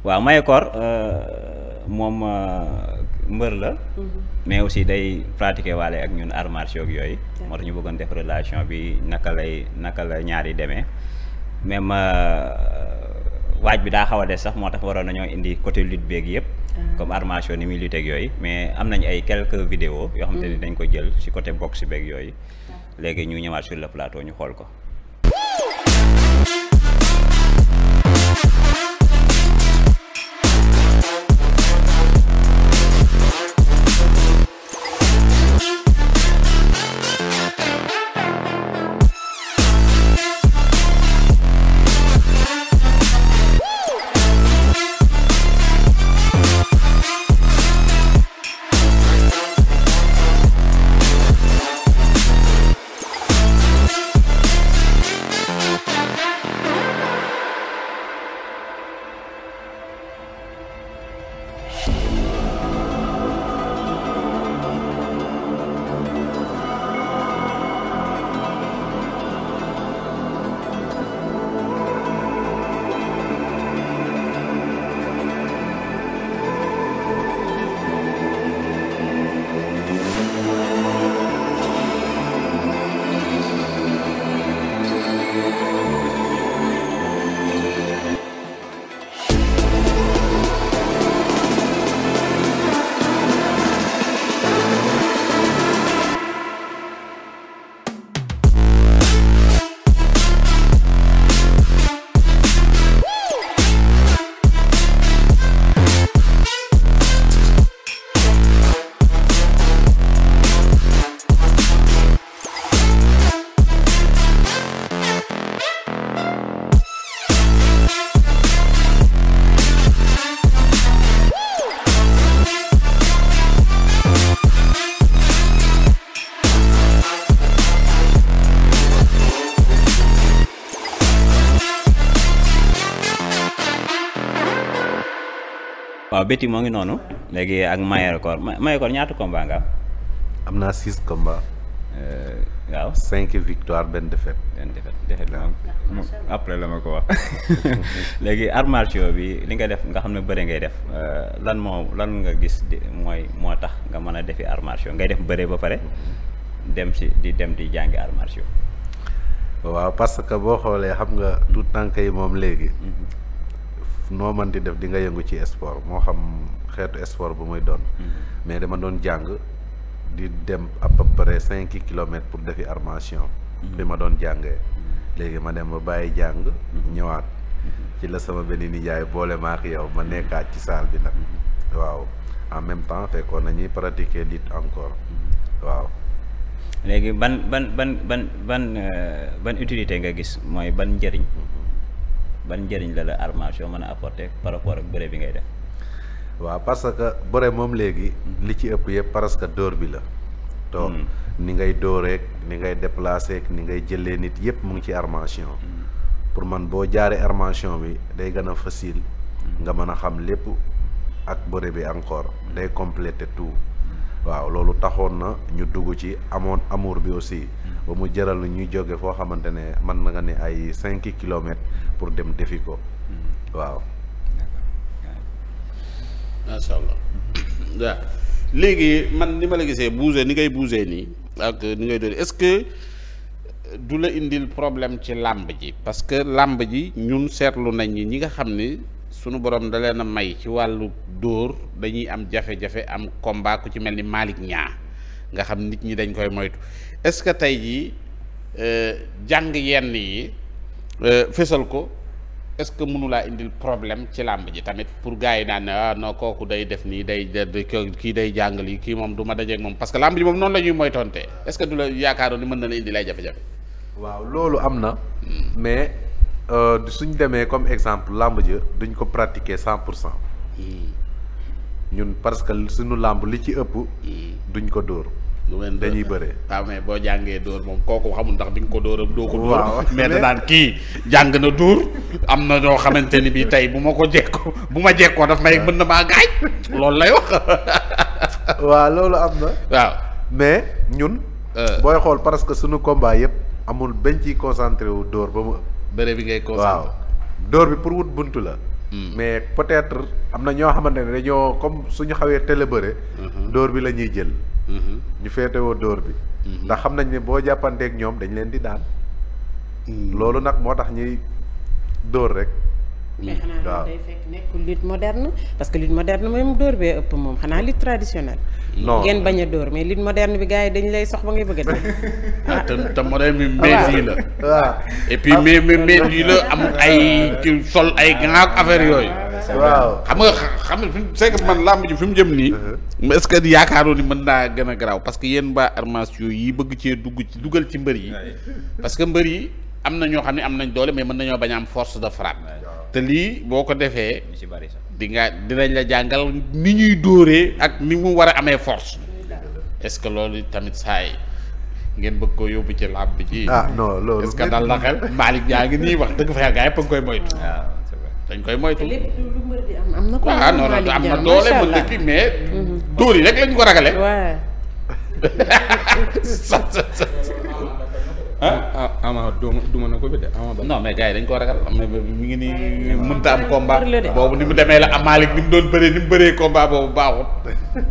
waaw Mayakor euh, moom euh, mbër la. Mhm. mais aussi day pratique waale ak ñun arts martiaux yooyu. moo tax ñu bëggoon def relation bi naka lay naka la ñaari yi mais ma euh, waaj bi daa xaw a des sax moo tax waroon nañoo indi côté lutte beeg yëpp. Ah. comme arts martiaux ni muy lutte ak yooyu mais am nañ ay quelques vidéos yoo xamante ni mm. dañ ko jël ci côté boxe beeg yooyu. léegi ñu ñëwaat sur le plateau ñu xool ko. waaw bétti moo ngi noonu léegi ak maye record maye record ñaata combat nga am. am naa six combats. Euh, waaw cinq victoire benn défaite. benn défaite défaite moom après la ma ko wax léegi arts bi li nga def nga xam ne bëre ngay def euh, lan moo lan nga gis di mooy moo tax nga mën a defi arts ngay def bëre ba pare dem ci di dem di jàngi arts waaw parce que boo xoolee xam nga tout tànk yi moom léegi. Mm-hmm. noo mën di def di nga yëngu ci sport moo xam xeetu sport bu muy doon mm-hmm. mais dama doon jàng di dem à peu cinq kilomètres pour defi armation mm-hmm. bi ma doon jàngee mm-hmm. léegi ma dem ba bàyyi jàng ñëwaat ci la sama benn nijaay boole ma ak yow ma nekkaat ci saal bi nag waaw en même temps fekkoon nañuy pratiquer lutte encore waaw léegi ban ban ban ban ban euh, ban utilité nga gis mooy ban njëriñ ban njëriñ la la arts martiaux mën a apporter par rapport ak bëre bi ngay def. waaw parce que bëre moom léegi. Mm-hmm. li ci ëpp yëpp parce que dóor bi la. to mm-hmm. ni ngay dóoreek ni ngay déplacer ni ngay jëlee nit yëpp mu ngi ci arts mm-hmm. pour man boo jaaree armention bi day gën a facile. nga mën a xam lépp ak bëre bi encore day te tout. waaw loolu taxoon na ñu dugg ci amoon amour bi aussi. ba mu jëral ñuy jóge foo xamante ne mën na nga ne ay cinq kilomètres pour dem defi ko mm-hmm. waaw. macha léegi man li ma la gisee bouger ni ngay bouger nii ak ni ngay doon ce que du la indil problème ci làmb ji parce que làmb ji ñun seetlu nañ ñi ñi nga xam ni sunu borom da na may ci wàllu dóor dañuy am jafe-jafe am combat ku ci mel ni Malick ñaa nga xam nit ñi dañ koy moytu est-ce que tey jii euh, jàng yenn yi euh, fésal ko est-ce que mënulaa indil problème ci làmb ji tamit pour gars yi naan ne ah non kooku day def nii day kii day jàng lii kii moom du ma dajeeg moom parce que làmb ji moom noonu la ñuy moytontee est-ce que du la yaakaaroon ni mën na la indi lay jafe-jafe. waaw loolu am na. Hmm. mais euh, suñ demee comme exemple làmb ji duñ ko pratiquer cent pour cent. Hmm. ñun parce que suñu làmb li ci ëpp. Hmm. duñ ko dóor. dañuy bëree waaw mais boo jàngee dóor moom kooku xamul ndax di nga ko dóoram doo ko dóor mais da daan kii jàng na dóor am na ñoo xamante ni bi tey bu ma ko jekko bu ma jekkoo daf may mën na maa gaañ loolu lay wax waaw loolu am na waaw mais ñun euh. booy xool parce que suñu combat yëpp amul benn ci concentré wu dóor ba mu bëre bi ngay concentré waaw dóor bi pour wut buntu la hmm. mais peut-être am na ñoo xamante ne dañoo comme suñu xawee télé bëre mhm. dóor bi la ñuy jël Mm-hmm. ñu féetewoo dóor bi mm-hmm. ndax xam nañ ne boo jàppanteeg ñoom dañ leen di daan mm-hmm. loolu nag moo tax ñuy dóor rek mais xanaa day fekk nekk lutte moderne parce que lutte moderne moom dóor bee ëpp moom xanaa lutte traditionnelle. no gen bañ a dóor mais lutte moderne bi gars yi dañ lay sox ba ngay bëgg a dee. Ah, te te moderne bi mbéy mi la. waaw et puis mais mais la am ay sol ay gants ak affaire yooyu. waaw xam nga xam nga c'est man làmb ji fi mu jëm nii. Uh-huh. est-ce que yaakaaroo ni mën naa gën a garaaw parce que yéen mbaa armas yi bëgg cee dugg ci dugal ci mbër yi. parce que mbër yi am na ñoo xam ne am nañ doole mais mën nañoo bañ force de frappe. te lii boo ko defee. di nga dinañ la jàngal ni ñuy dóoree ak ni mu war a amee force. est-ce que loolu tamit saa yi ngeen bëgg koo yóbbu ci làmb ji. ah non loolu est-ce que dal la xel Malick yaa ngi nii wax dëgg fa yaa ngi koy moytu. Ah. dañ koy moytu. lépp am na ko. waaw am na doole mën na kii mais. Mhm. dóor yi rek lañ ko ragale. waaw. ah ama duma na ko de ama ba non mais gars yi dañ koo ragal mais mi ngi nii mënta am combat boobu ni mu demee la amaalik ni mu doon bëree ni mu bëree combat boobu baaxut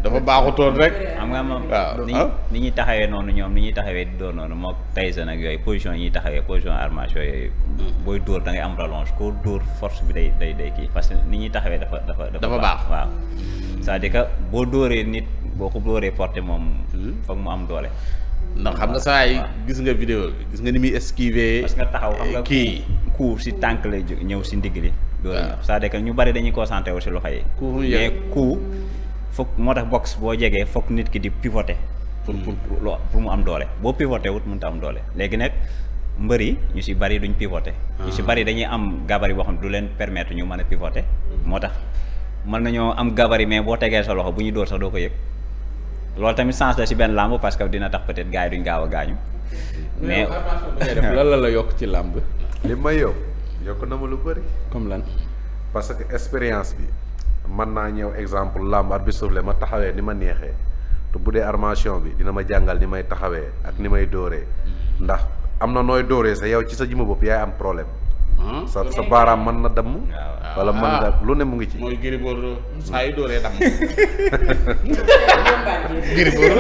dafa baaxutoon rek am nga moom ni ñuy ah? taxawee noonu ñoom ni ñuy taxawee di doon noonu moo Tyson ak yooyu position yi ñuy taxawee position armage yooyu booy dóor da ngay am rallonge koo dóor force bi day day day kii parce que ni ñuy taxawee dafa dafa dafa baax waaw cest à ka boo dóoree nit boo ko dóoree porté moom hmm? foog mu am doole ndax xam nga saa yi gis nga vidéo bi gis nga ni muy esquiver. parce que taxaw xam nga kii si tànk la ñëw si ndigg li. waaw c'est-à-dire que ñu bari dañuy santé wu si loxo yi. coup mais coup foog moo tax box boo jegee foog nit ki di pivoté hmm. pour pour pour mu am doole boo pivoter wut mënut a am doole léegi nag. mbër yi ñu si bari duñ pivoter. ñu si ah. bari dañuy am gabari boo xam ne du leen permettre ñu mën a pivoter. Hmm. moo tax mën nañoo am gabari mais boo tegee sa loxo bu ñu dóor sax doo ko yëg. loolu tamit chance la si benn làmb parce que dina tax peut-être gars yi duñ gaaw a gaañu. mais loolu la la yokk ci làmb. li may yow yokk na ma lu bëri. comme lan. parce que expérience bi mën naa ñëw exemple làmb at bi suuf ma taxawee ni ma neexee te bu dee armation bi dina ma jàngal ni may taxawee ak ni may dóoree mm-hmm. ndax am na nooy dóoree sa yow ci sa jëmm bopp yaay am problème. Hmm. sa sa baaraam man na damm. Ah. wala mën nga lu ne mu ngi ci. mooy giriboor hmm. saa yu dooree damm. giriboor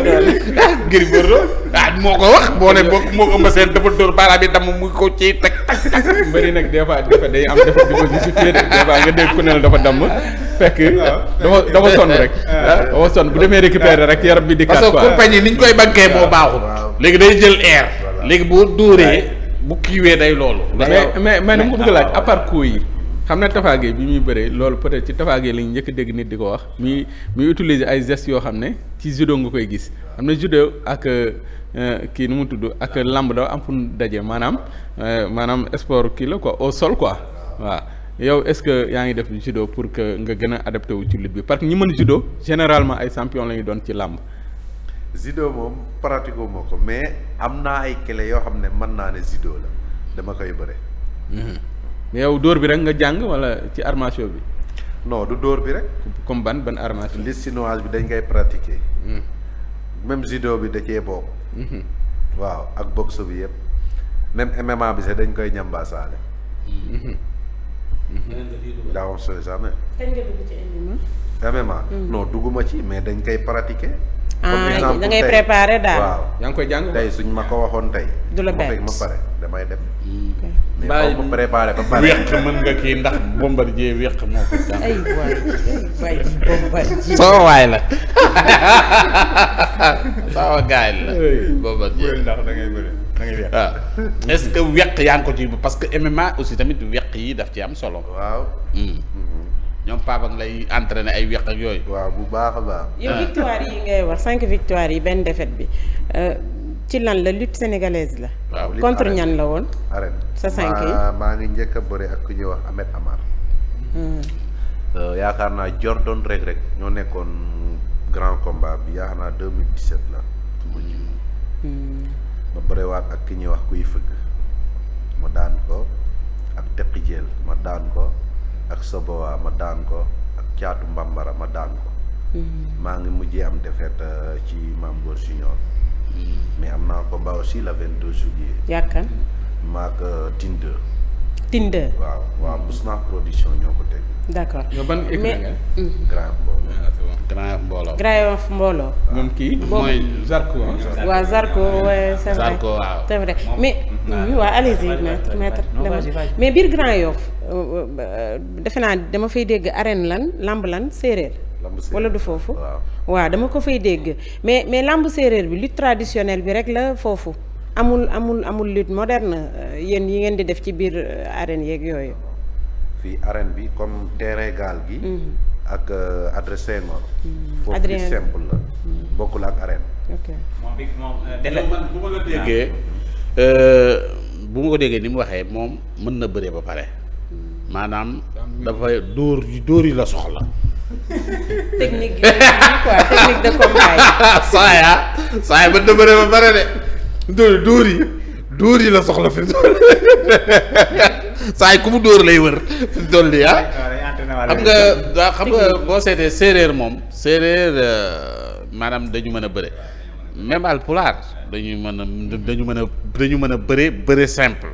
giriboor ah moo ko wax boo ne boo moo ko ma seen dafa dóor baaraam bi damm mu ko ci teg tak tak mbëri nag des fois dafa day am dafa di ko justifié de ne la dafa damm. fekk ah. dafa dafa sonn rek. Ah. dafa sonn bu demee récupérer rek yaram bi di. kat quoi parce que compagnie ni ñu léegi day jël air. léegi boo dóoree. bu kiiwee day loolu. mais mais mais dama ko bëgg laaj à part yi. xam na Tafa Gueye bi muy bëree loolu peut-être ci Tafa Gueye njëkk dégg nit di ko wax muy muy utiliser ay gestes yoo xam ne ci judo nga koy gis xam na judo ak euh, kii nu mu tudd ak lamb dafa am fu nu daje maanaam euh, maanaam sport kii la ko au sol quoi waa yow est-ce que yaa ngi def judo pour que nga gën a adapté wu ci lutte bi parce que ñi mën judo généralement ay champion la ñu doon ci làmb judo moom pratico moo ko mais am naa ay clé yoo xam ne mën naa ne judo la dama koy bëre. Mhm. yow dóor bi rek nga jàng wala ci armation bi. non du dóor bi rek. comme ban ban armation. li chinoise bi dañ koy pratiquer. Mhm. même judo bi da cee bokk. Mhm. waaw ak boxe bi yëpp même MMA bi sax dañ koy ñambaasaale. daa on ci MMA. MMA dugguma ci mais dañ koy pratiquer. ah da ngay préparé daal waaw koy jàng tey suñ ma ko waxoon tey. du la benn ma pare dem. bàyyi mais wéq mën nga kii ndax bombardier wéq moo ko jàng. ay waay waay bombardier. sama waay la sama gaay la. bombardier ndax da ah. que wéq yaa ngi ko ci parce que MMA aussi tamit wéq yi daf ci am solo. ñoom Pape ak lay entraîné ay weq ak yooyu. waaw bu baax a baax. yow victoire yi ngay wax cinq victoire yi benn défaite bi euh, ci lan la lutte sénégalaise la. waaw contre ñan la woon. arène sa cinq yi maa ngi njëkk a bëri ak ku ñuy wax Ahmed Amar. Hmm. Euh, yaakaar naa Jordan rek rek ñoo nekkoon grand combat bi yaakaar naa 2017 la. Hmm. ma bëriwaat ak ki ñuy wax kuy fëgg ma daan ko ak teq jël ma daan ko. ak Sobowa ma daan ko ak caatu Mbambara ma daan ko. Mm-hmm. maa ngi mujjee am défaite euh, ci Mame Junior. Mm-hmm. mais am naa combat aussi le 22 juillet. yaakaar. maak euh, Tinde. Tinder. waaw waaw Bousnaf production Grand Mbooloo. Ah, Mbooloo. Ah? waaw Zarko c' est mais. Ah. waaw allez-y maître mais biir Grand Yoff euh, euh, defe naa dama fay dégg arène lan lamb lan séeréer. wala du foofu. waaw dama ko fay dégg mais mais lamb séeréer bi lutte traditionnelle bi rek la foofu. amul amul amul lutte moderne euh, yéen yi ngeen di def ci biir euh, arène yeeg yooyu. fii arène bi comme terrain gaal gi. Mm-hmm. ak euh, adressé nga. Mm-hmm. foofu la. Mm-hmm. bokkul ak arène. ok moom bi moom bu ma déggee. bu ma ko déggee ni mu waxee moom mën na bëree ba pare. maanaam dafay dóor dóor yi la soxla. technique de combat yi. saa mën na bëree ba pare de. dóor dóor yi dóor yi la soxla fi saa yi ku mu dóor lay wër fi dool li ah xam nga waaw xam nga boo seetee séeréer moom séeréer euh, maanaam dañu mën a bëre même alpulaar dañu mën a dañu mën a dañu mën a bëre bëre simple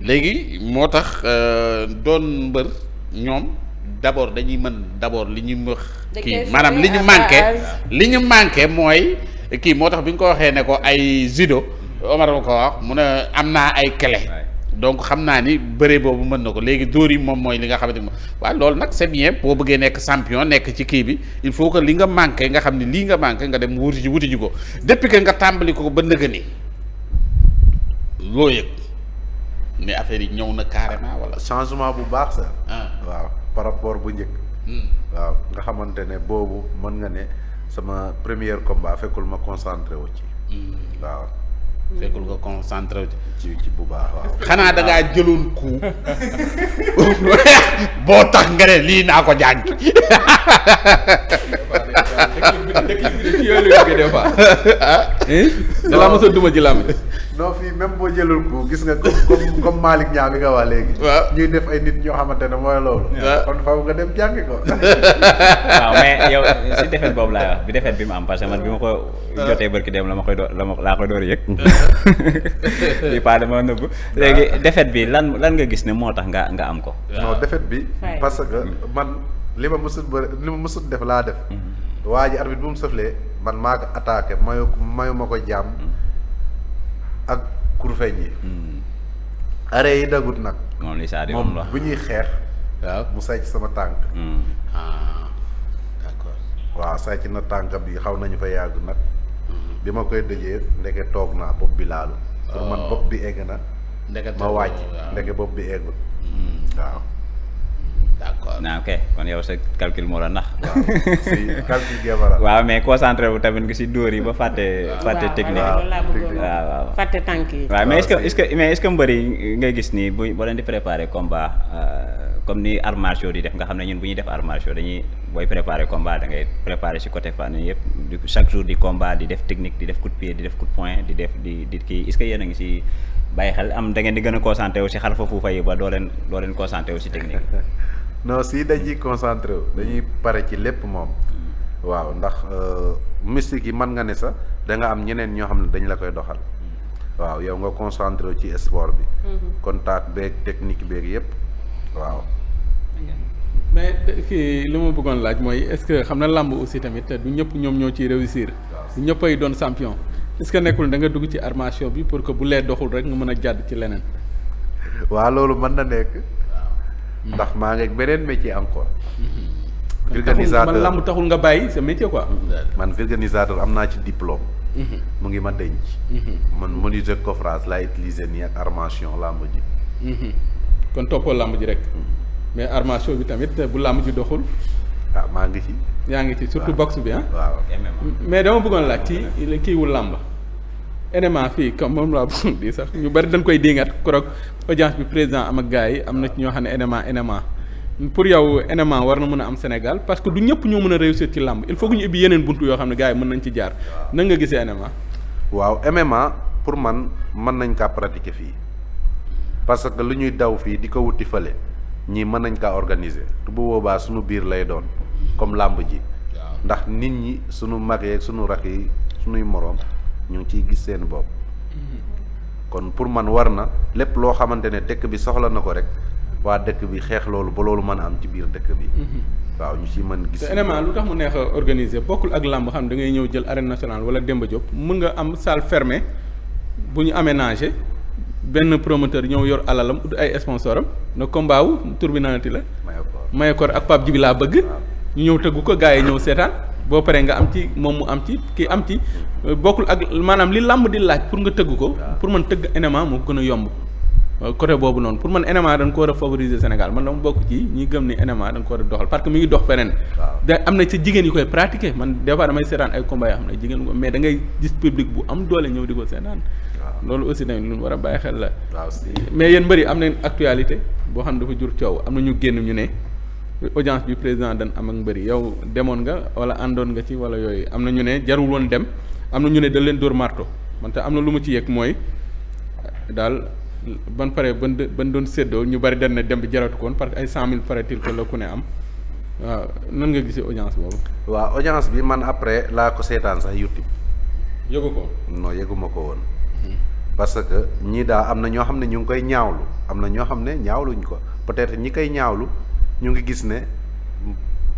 léegi moo tax euh, doon mbër ñoom d'abord dañuy mën d'abord li ñuy wax kii maanaam li ñu manqué li ñu manqué mooy kii moo tax bi nga ko waxee ne ko ay judo Omar ko wax mu ne am naa ay clé donc xam naa ni bëre boobu mën na ko léegi dóor yi moom mooy li nga xamante ne moom waaw loolu nag c'est bien boo bëggee nekk champion nekk ci kii bi il faut que li nga manqué nga xam ne lii nga manqué nga dem wuti ji wuti ji ko depuis nga tàmbali ko ba nëgë ni loo yëg mais affaire yi ñëw na carrément wala. changement bu baax sax. Ah. waaw par rapport bu njëkk. Hmm. waaw nga xamante ne boobu mën nga ne sama premier combat fekkul ma concentré wu ci. Hmm. waaw. fekkul nga concentré ci ci bu baax waaw xanaa da ngaa jëloon boo tax nga ne lii naa ko jàng. da laa mos a duma ci làmb non fii même boo jëlul ko gis nga comme comme Malick Niang bi nga wax léegi. waaw ñuy def ay nit ñoo xamante ne mooy loolu. kon faaw nga dem jàngi ko. waaw mais yow si defet boobu laa wax bi defet bi mu am parce que man bi ma ko jotee barki dem la ma koy doo la laa koy door yëg. bii pas dama nëbb léegi défaite bi lan lan nga gis ne moo tax nga nga am ko non défaite bi parce que man li ma mësul bëri li ma mësul def laa def mm-hmm. waaj ji arbitre du mu sëflee man maa ko attaqué mayu mayu ma ko jàmm mm-hmm. ak kurfeñ yi mm-hmm. arrêt yi dagut nag moom li saa di moom bu ñuy xeex waaw mu say sama tànk ah, waaw say ci na tànk bi xaw nañu fa yàgg nag li ma koy dëjee ndeke toog naa bopp bi laalu. pour man oh. bopp bi egg na. ndeke ma wàcc ndeke bopp bi eggul. Hmm. waaw. d'accord naa ok kon yow sa calcul moo la nax. waaw mais concentré wu tamit nga si dóor yi ba fàtte. fàtte technique waaw waaw fàtte tànk yi. waaw mais est-ce que mais est-ce mbër yi ngay gis nii bu boo leen di préparer combat euh, comme ni arts di def nga xam ne ñun bu ñuy def arts martiaux dañuy. booy préparer combat da ngay préparer si côté fànn yëpp chaque jour di combat di def technique di def coup de pied di def coup de di def di di kii est que yéen a ngi si bàyyi xel am da di gën a concentré wu si xar fa fuufa yi ba doo leen doo leen concentré wu si technique non si dañuy concentré wu dañuy pare ci lépp moom hmm. waaw ndax euh, mystique yi man nga ne sax da nga am ñeneen ñoo xam ne dañ la koy doxal hmm. waaw yow nga concentré wu ci sport bi hmm. contact beeg technique beeg yëpp mais kii li ma bëggoon laaj mooy est que xam na làmb aussi tamit du ñëpp ñoom ñoo ciy réussir. du ñëpp ay doon champion. est que nekkul da nga dugg ci armation bi pour que bu lee doxul rek nga mën a jàdd ci leneen. waaw loolu mën na nekk. ndax maa ngi ak beneen métier encore. Mm-hmm. vulganisateur man làmb taxul nga bàyyi sa métier quoi. Mm-hmm. man vulganisateur am naa ci diplôme. Mm-hmm. mu ngi ma denc. man moniteur coffrage laa utiliser nii ak armation làmb ji. kon toppoo làmb ji rek. mais armation bi tamit bu làmb ji doxul. waaw ah, maa ngi ci. yaa ngi ci surtout boxe bi ah. mais dama bëggoon laaj ci kii làmb. NMA fii comme moom laa bëggoon di sax ñu bari dañ koy dingat korog audience bi président am ak gars yi am na ci ñoo xam ne NMA NMA. pour yow NMA war na mën a am Sénégal parce que du ñëpp ñoo mën a réussir ci làmb il faut que ñu ubbi yeneen buntu yoo xam ne gars yi mën nañ ci jaar. na nga NMA. waaw MMA pour man mën nañ kaa pratiquer fii parce que lu ñuy daw fii di ko wuti fële. ñii mën nañ kaa organiser te bu boobaa suñu biir lay doon comme làmb ji ndax nit ñi suñu mag yeeg suñu rakk yi suñuy moroom ñu ngi ciy gis seen bopp mm-hmm. kon pour man war na lépp loo xamante ne dëkk bi soxla na ko rek waa dëkk bi xeex loolu ba loolu mën a am ci biir dëkk bi mm-hmm. waaw ñu ci mën gis vraiment lu tax mu neex a organiser bokkul ak làmb xam da ngay ñëw jël arène nationale wala Demba Diop mën nga am salle fermée bu ñu aménagé benn promoteur ñëw yor alalam ut ay sponsor am na combat wu tur bi nanati la. Mayakor ak Pape Djibi laa bëgg. ñu ñëw tëggu ko gars yi ñëw seetaan boo paree nga am ci moom mu am ci kii am ci mm. euh, bokkul ak maanaam li làmb di laaj pour nga tëgg ko. pour man tëgg NMA moo gën a yomb. Euh, côté boobu noonu pour man NMA dañ ko war a favoriser Sénégal man dama bokk ci ñi gëm ni NMA dañ ko war a doxal parce que mi ngi dox feneen. da am na ci jigéen yu koy pratiquer man des fois damay seetaan ay combat yoo xam ne ko mais da ngay gis public bu am doole ñëw di ko seetaan. loolu aussi nañ lu war a bàyyi xel la. mais yéen mbëri am nañ actualité boo xam ne dafa jur coow am na ñu génn ñu ne audience bi président dañ am ak mbëri yow demoon nga wala àndoon nga ci wala yooyu am na ñu ne jarul woon dem am na ñu ne da leen dóor marto man am na lu mu ci yëg mooy daal ban pare ban ban doon séddoo ñu bari dañ ne dem bi jaratu koon parce que ay cent mille paraît-il la ku ne am. waaw nan nga gisee audience boobu. waaw audience bi man après laa ko seetaan sax YouTube. yëgu ko. non ko woon. parce que ñii daal am na ñoo xam ne ñu ngi koy ñaawlu am na ñoo xam ne ñaawluñ ko peut-être ñi koy ñaawlu ñu ngi gis ne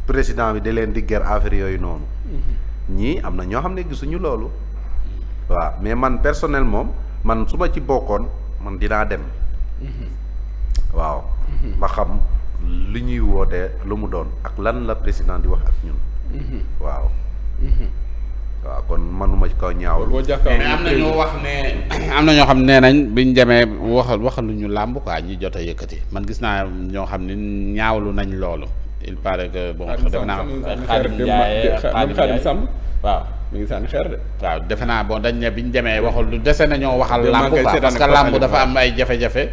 président bi da leen di ger affaire yooyu noonu. Mm-hmm. ñii am na ñoo xam ne gisuñu loolu. waaw mais man personnel moom man su ma ci bokkoon man dinaa dem. Mm-hmm. waaw. ba mm-hmm. xam li ñuy wootee lu mu doon ak lan la président di wax ak ñun. waaw. waaw kon manuma ci kaw ñaawlu. boo jàkkaarloo mais am na ñoo wax ne am na ñoo xam nee nañ biñ demee waxal waxaluñu làmb quoi ñu jot a yëkkati man gis naa ñoo xam ne ñaawlu nañ loolu. il paraît que naa xaadim Ndiaye xaadim ngi sànni xeer naa bon dañ ne biñ demee waxul lu dese nañoo waxal làmb parce que làmb dafa am ay jafe-jafe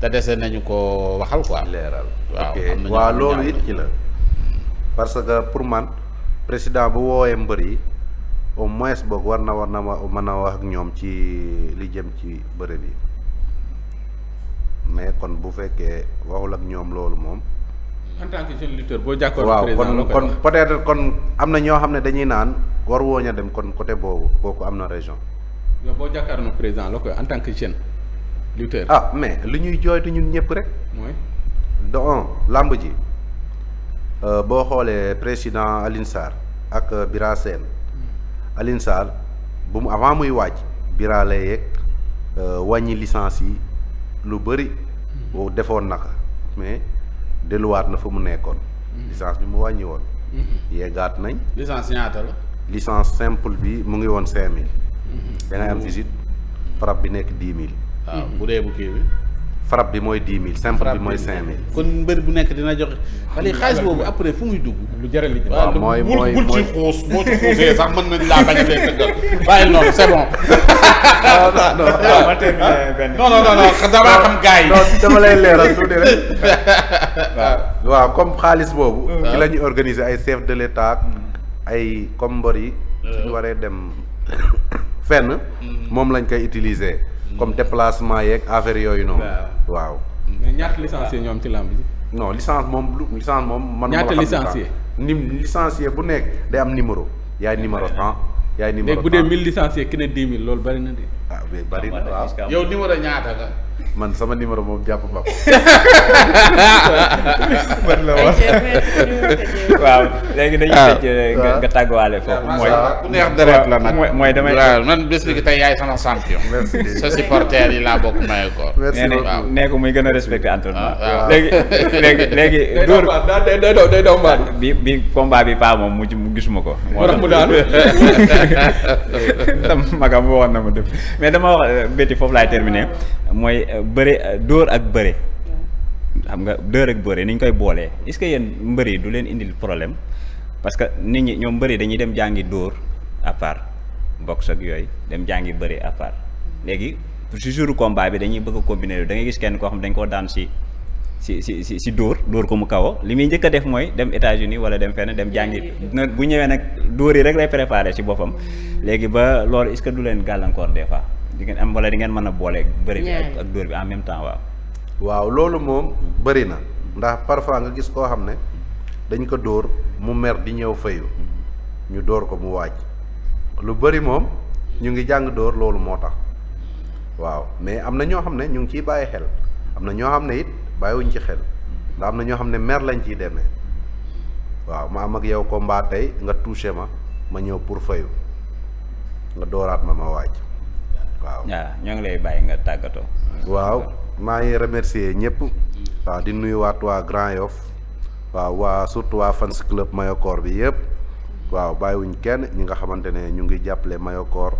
te dese nañu ko waxal quoi leeral waaw waaw loolu que pour man président bu woowee mbër yi au moins boog war na war na mën a wax ak ñoom ci li jëm ci bërëb yi mais kon bu fekkee waxul ak ñoom loolu moom. en tant que jeune lutteur boo jàkkoon waaw kon kon peut-être kon am na ñoo xam ne dañuy naan war wooñ a dem kon côté boobu kooku am na région. boo boo na président la koy en tant que jeune lutteur. ah mais li ñuy jooytu ñun ñëpp rek. mooy de làmb ji euh, boo xoolee président Alioune ak euh, Bira Alioune Sarr bu mu avant muy wàcc biraale yeeg euh, wàññi licence yi lu bëri hmm. defoon naka mais delluwaat na fa mu nekkoon hmm. licence bi mu wàññi woon hmm. yeggaat nañ licence ñaata la licence simple bi mu ngi woon cinq mille da ngay am visite frappe bi nekk dix mil waaw ah, bu dee bu kii bi frappe bi mooy dix mille simple bi mooy cinq mille. kon mbër bu nekk dina joxe. wala xaalis boobu après fu muy dugg. lu jaral li waaw mooy mooy a leen tëggal bàyyi xaalis boobu. Hmm. la ñuy organiser ay chef de l'état hmm. ay comme mbër yi. Hmm. moom lañ koy utiliser. comme déplacement yeeg affaire yooyu noonu. waaw mais ñaata licencié ñoom ci làmb ji. non licence moom lu licence moom. man ñaata licencié ni licencié bu nekk day am numéro. yaay numéro temps yaay numéro temps léegi bu dee loolu bari na de. ah mais bari na waaw yow numéro ñaata nga. man sama numéro moom jàpp ba ko. man la wax waaw léegi dañuy tëj nga tàgguwaale foofu. mooy ku neex mooy damay. waaw man bés bi tey yaay sama champion. merci sa supporter yi la bokk maye ko. merci beaucoup nee ko muy gën a respecté entraînement. waaw ah, ah. léegi léegi léegi. dóor day day day daw bi bi combat bi paa mu gisuma ko. moo tax mu daal tam magam waxoon na ma def. mais dama wax euh, bétti foofu laay terminer ah. mooy euh, bëre euh, dóor ak bëre xam nga dóor ak bëre ni ñu koy boolee est-ce que yéen mbër yi du leen indil problème parce que nit ñi ñoom mbëri dañuy dem jàngi dóor à part boxe ak yooyu dem jàngi bëre à part léegi si jour combat bi dañuy bëgg a combiner da ngay gis kenn koo xam dañ ko daan si si si si si dóor dóor ko mu kaw li muy njëkk a def mooy dem États-Unis wala dem fenn dem jàngi bu ñëwee nag dóor yi rek lay préparé si boppam léegi ba loolu est-ce que du leen gàllankoor des fois di ngeen am wala di ngeen mën a boole bëri bi ak ak dóor bi en même temps waaw loolu moom bëri na ndax parfois nga gis koo xam ne dañ ko dóor mu mer di ñëw fayu ñu dóor ko mu waaj lu bëri moom ñu ngi jàng dóor loolu moo tax waaw mais am na ñoo xam ne ñu ngi ciy bàyyi xel am na ñoo xam ne it bàyyiwuñ ci xel ndax am na ñoo xam ne mer lañ ciy demee waaw ma am ak yow ko combat tey nga touché ma ma ñëw pour fayu nga dooraat ma ma waaj waaw waaw ah, ñoo ngi lay bàyyi nga tàggatoo. waaw maa ngi remercier ñëpp. di nuyuwaat waa Grand Yoff waaw waa surtout waa fans club Mayokor bi yëpp. waaw bàyyiwuñ kenn ñi nga xamante ne ñu ngi jàppale mayokoor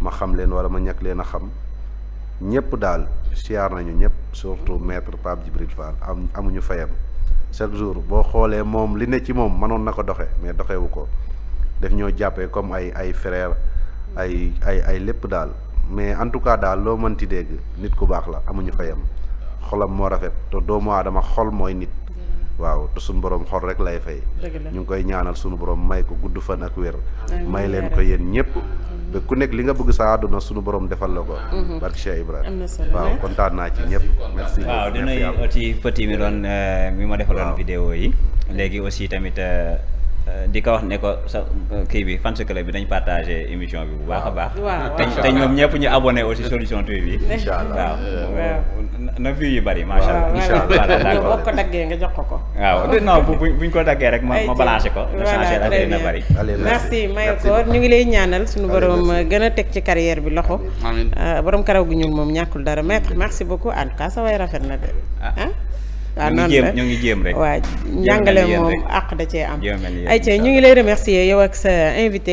ma xam leen wala ma ñàkk leen a xam. ñëpp daal siyaar nañu ñëpp surtout maître Pape Djibril Fall am amuñu fayam chaque jour boo xoolee moom li ne ci moom manoon na ko doxe mais doxewu ko def ñoo jàppee comme ay ay frère ay ay ay lépp daal mais en tout cas daal loo manti dégg nit ku baax la amuñu fayam xolam moo rafet te doomu aadama xol mooy nit waaw te suñu borom xol rek lay fay ñu ngi koy ñaanal suñu borom may ko gudd fa ak wér may leen ko yéen ñëpp ba ku nekk li nga bëgg sa àdduna suñu borom defal la ko mm-hmm. barke Cheikh Ibrahima waaw kontaan naa ci ñëpp merci waaw dinay aussi petit mi doon euh, mi ma defaloon vidéo yi léegi aussi tamit euh, Euh, di ko wax ne ko sa euh, kii bi fans club bi dañ partagé émission bi bu baax a baax. waaw te ñoom ñëpp ñu abonné aussi solution TV bi. incha allah waaw na view yu bari macha allah. incha allah boo ko daggee nga jox ko ko. waaw non bu buñ ko daggee rek ma ma balancé ko. voilà très bien bari. merci Mayor ñu ngi lay ñaanal suñu borom euh, gën a teg ci carrière bi loxo. amiin borom karaw gu ñuul moom ñàkkul dara maître merci beaucoup en tout cas rafet na de. Ah. waaw ah, noonu la ñu ngi jéem rek waaw njàngale moom àq da cee am ay ñu ngi lay remercier yow ak sa invité